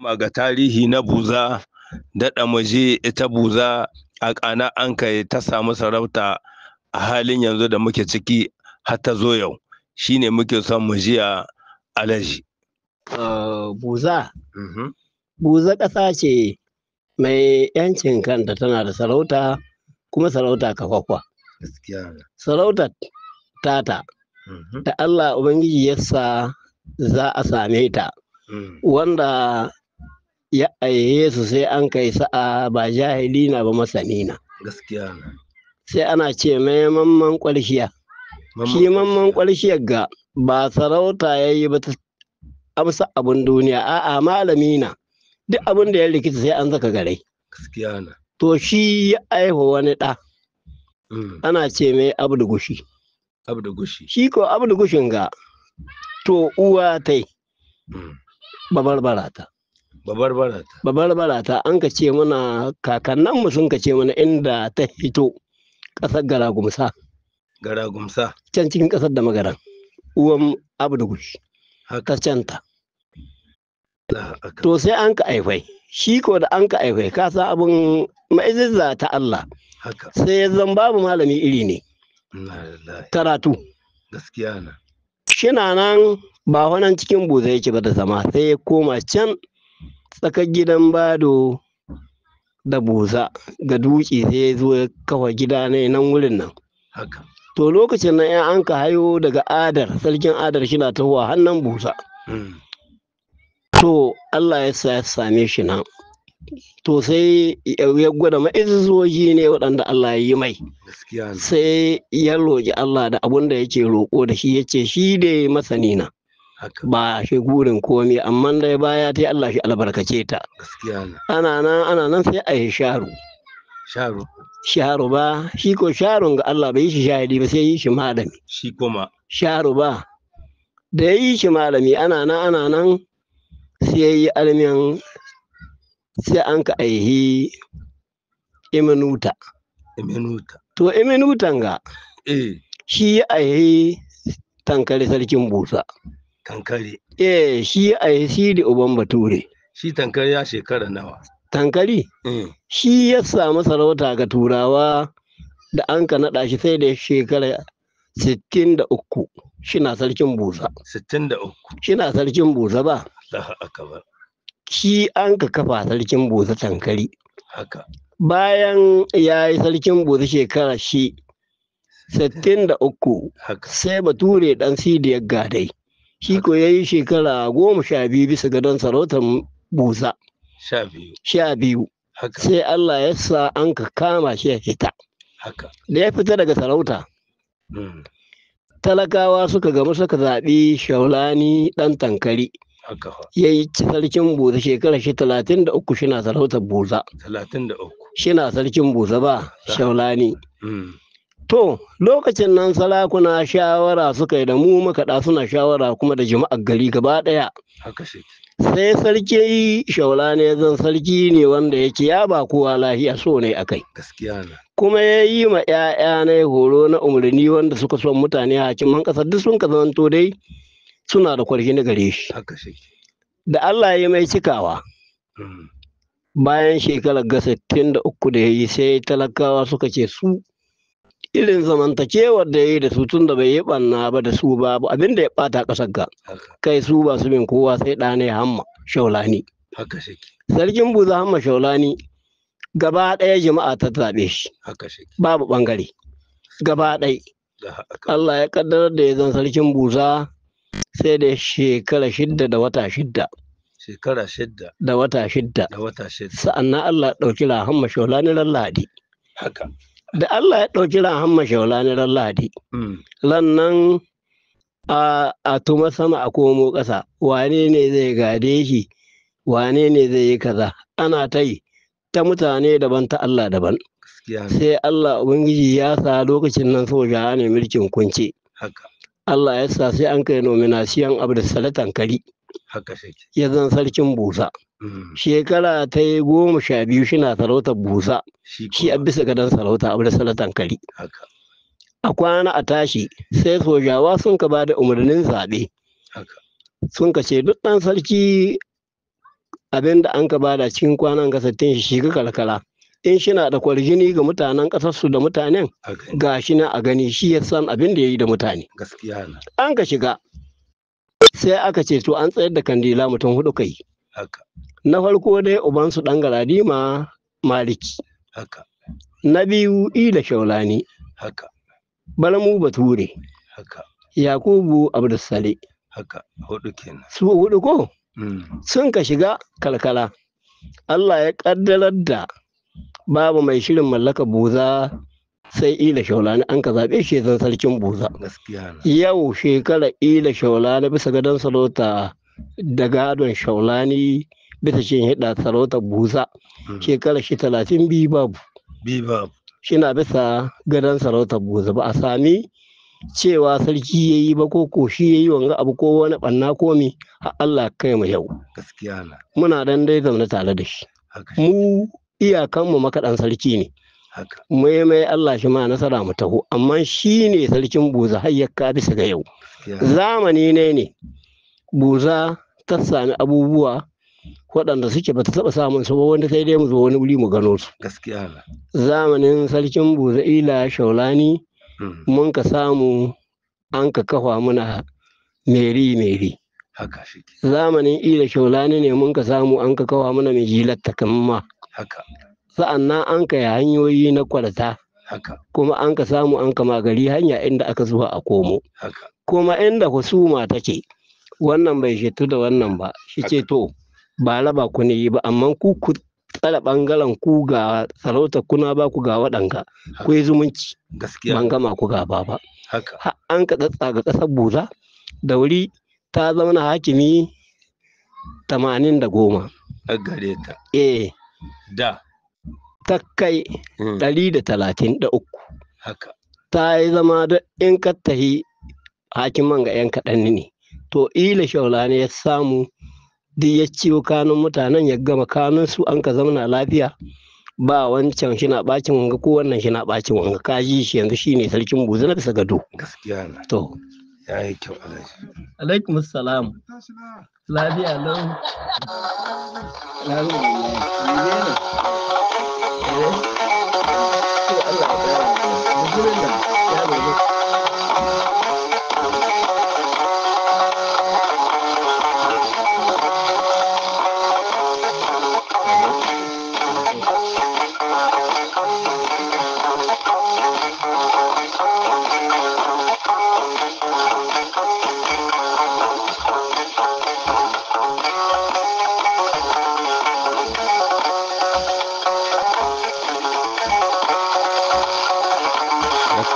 koma ga tarihi na buza daɗa muje ita buza a ƙana an kai ta samu sarauta a halin yanzu da muke ciki har ta zo yau shi ne muke son mu ji a alaji buza mm-hmm. buza ƙasa ce mai yancin kanta tana da sarauta kuma sarauta kakwakwa sarauta tata mm-hmm. da allah ubangiji yasa za a same ta mm. wanda ya aihe su sai an kai sa'a ba jahili na ba masani na gaskiya sai ana ce mai mamman kwalshiya shi mamman kwalshiyar ga ba sarauta ya yi ba ta amsa abin duniya a'a malami na duk abin da ya rikita sai an zaka gare gaskiya na to shi ya aihu wani ɗa mm. ana ce mai abdu gushi abdu gushi shi ko abdu gushin ga to uwa tai mm. babarbara ta babbar ta an ka ce mana kakannan mu sun ka ce mana inda ta fito ƙasar garagumsa garagumsa can cikin ƙasar da magaran uwan abu da gushi ta to sai an ka aifai shi ko da an ka aifai ka sa abin ma'izizza ta Allah sai ya zan babu malami iri ne karatu gaskiya na shina nan ba wannan cikin buza yake ba da zama sai ya koma can tsakar gidan bado da buza ga duki sai ya zo ya kafa gida ne nan wurin nan to lokacin nan ya an ka hayo daga adar sarkin adar shi na tahowa hannun busa hmm. to allah ya sa ya same shi nan to sai ya gwada ma'izuzoji ne waɗanda allah ya yi mai sai ya roƙi allah da abin da yake roƙo da shi ya ce shi da masani na ba shi gurin komi amma dai baya ta Allah shi albarkace ta ana nan ana nan sai a yi sharu sharu sharu ba shi ko sharun ga Allah bai yi shi shahidi ba sai yi shi malami shi kuma sharu ba da ya yi shi malami ana nan ana nan sai yi almin sai an ka aihi iminuta iminuta to iminutan ga eh. shi ya aihi tankare sarkin busa Tankare. Eh shi a eh, shi da uban bature. Shi tankare ya shekara nawa. Tankari? Eh. Shi ya samu sarauta ga turawa da an ka naɗa shi sai da shekara sittin da uku shina sarkin busa. Sittin da uku. Shina sarkin busa ba. Allahu akbar. Shi an ka kafa sarkin busa tankari. Haka. Bayan ya yi sarkin busa shekara shi sittin da uku. Haka. Sai bature ɗan sidiyar gadai. shi ko ya yi shekara goma sha biyu bisa gadon sarautar buza sha biyu sai Allah ya sa an ka kama shi ya fita da ya fita daga sarauta hmm. talakawa suka gamu suka zaɓi shaulani ɗan tankari ya yi sarkin buza shekara shi talatin da uku shina sarautar buza shina sarkin buza ba shaulani hmm. To, lokacin nan sarakuna shawara suka yi da mu makaɗa suna shawara kuma da jama'ar gari gaba ɗaya. Sai sarki shaula ne zan sarki ne wanda yake ya ba kowa lahiya so ne a kai. Kuma ya yi ma ‘ya'ya na horo na umarni wanda suka son mutane a hakiman ƙasa, duk sun zanto dai suna da kwarshi na gare shi. Da Allah ya mai cikawa. Hmm. Bayan shekarar ga 63 da ya yi sai talakawa suka ce su irin zamantakewar da ya yi da su tun da bai yi banna ba da su ba abin da ya bata kasar ga kai su ba su min kowa sai ne hamma shaulani sarkin buza hamma shaulani gaba ɗaya jama'a ta zaɓe shi babu ɓangare gaba ɗaya Allah ya ƙaddar da ya zan sarkin buza sai da shekara shidda da wata shidda shekara shidda da wata shidda da wata shidda sa'an Allah ɗauki rahamma shaulani lalladi haka da Allah ya ɗauki ran mashaula na ran lahadi lannan mm. a tuma sama a komo ƙasa wane ne zai gade shi wane ne zai yi kaza ana ta yi ta mutane daban ta Allah daban sai Allah Ubangiji ya sa lokacin nan soja ne mulkin kunce Allah ya sa sai an kai nominasiyan Salatan Kari ya zan sarkin busa Mm. shekara ta yi goma sha biyu shina sarautar busa shi a bisa gadon sarauta a wurin salatan kari a kwana a tashi sai sojawa sun ka ba da umarnin zaɓe sun ka ce duk ɗan sarki abin da an ka ba da cikin kwanan kasattun shi ga kalkala in shina da kwarjini ga mutanen ƙasarsu da mutanen ga shi na a gani shi ya san abin da ya yi da mutane an ka shiga sai aka ce to an tsayar da kandila mutum hudu kai Haka. Na farko dai ubansu ɗan galadima Maliki. Haka. Na biyu Ila Shaulani. Haka. Balamu Bature. Haka. Yakubu Abdulsale. Haka, hudu kenan. Su hudu ko? Mm. Sun ka shiga kalkala. Allah ya kaddarar da babu mai shirin mallaka buza sai ila shaulani an ka zaɓe shi zan sarkin buza. Yau shekara ila shaulani bisa gadon salota da gadon shaulani bisa shi hida sarautar buza hmm. shekara shi talatin biyu babu shina bisa gadon sarautar buza ba a sami cewa sarki ya yi ba ko ko shi ya yi wanga abu ko wani banna komi a Allah kai mu yau muna dan dai zaune tare da shi mu iyakanmu makaɗan sarki ne maimai Allah shi ma nasara mu taho amma shi ne sarkin buza har bisa ga yau zamani ne ne buza ta sami abubuwa waɗanda suke ba ta taɓa samun su ba wanda sai dai mu zo wani wuri mu gano su gaskiya zamanin sarkin buza ila shaulani hmm. mun ka samu an ka kafa muna meri meri zamanin ila shaulani ne mun ka samu an ka kafa muna mai jilar takamma sa'an nan an ka hanyoyi na kwalata kuma an ka samu an kama gari hanya inda aka zuwa a komo kuma inda husuma take wannan bai shetu da wannan ba shi ce to ba raba ku ne yi ba amma ku ku tsara bangaren ku ga sarauta kuna ba ku ga waɗanga ku yi zumunci ban gama ku ga ba an ka tsatsa ga ƙasar buza da wuri ta zauna hakimi tamanin da goma eh da ta kai hmm. ɗari da talatin da uku ta yi zama da in ka tahi hakiman ga 'yan kaɗan ne to ila shaula ne ya samu duk ya ciwo kanun mutanen ya gama kanun su an ka zauna lafiya ba wancan shi na bacin wanga ko wannan shi na bacin wanga ka ji shi yanzu shi ne sarkin buzu na bisa gado to ya yi kyau alaikum salam lafiya lau ya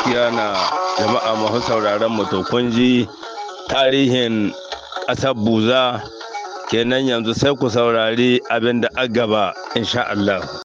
gaskiya na jama'a masu sauraron mu kun ji tarihin ƙasar buza kenan yanzu sai ku saurari abin da a gaba insha Allah.